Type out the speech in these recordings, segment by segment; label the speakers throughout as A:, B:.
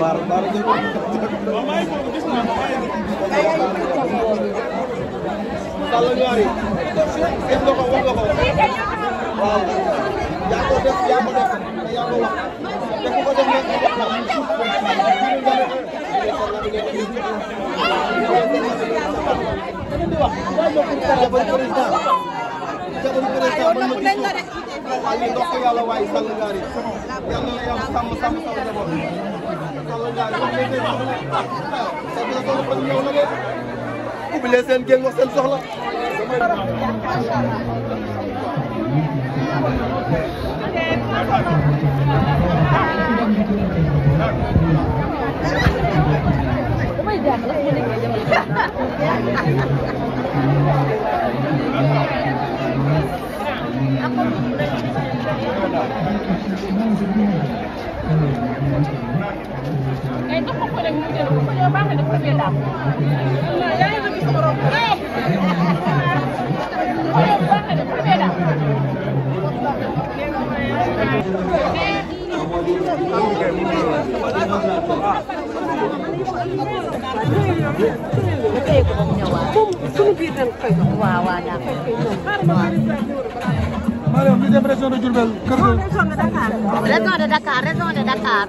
A: baara baara jël ko. waaw maa ngi foofu gis naa ko maa ngi. Sall Niori. gis nga ko wax nga ko. waaw. yaa ko def yaa ko def te yaa ko wax. te ku ko def nag wax na am suuf. wax waaye ma pour jabar président jabar président man ma gis ko waaye ndox yàlla waaye Sall Niori yàlla na yàlla sàmm sàmm sama jaboot ubbi leen seen génn wax seen soxla. région de Diourbel, région de Dakar, région de Dakar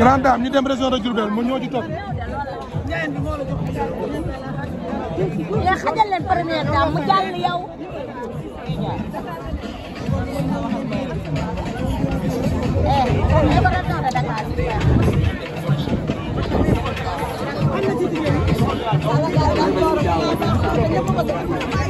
A: grande dame ñu dem région de Diourbel topp. yaa xajal mu jàll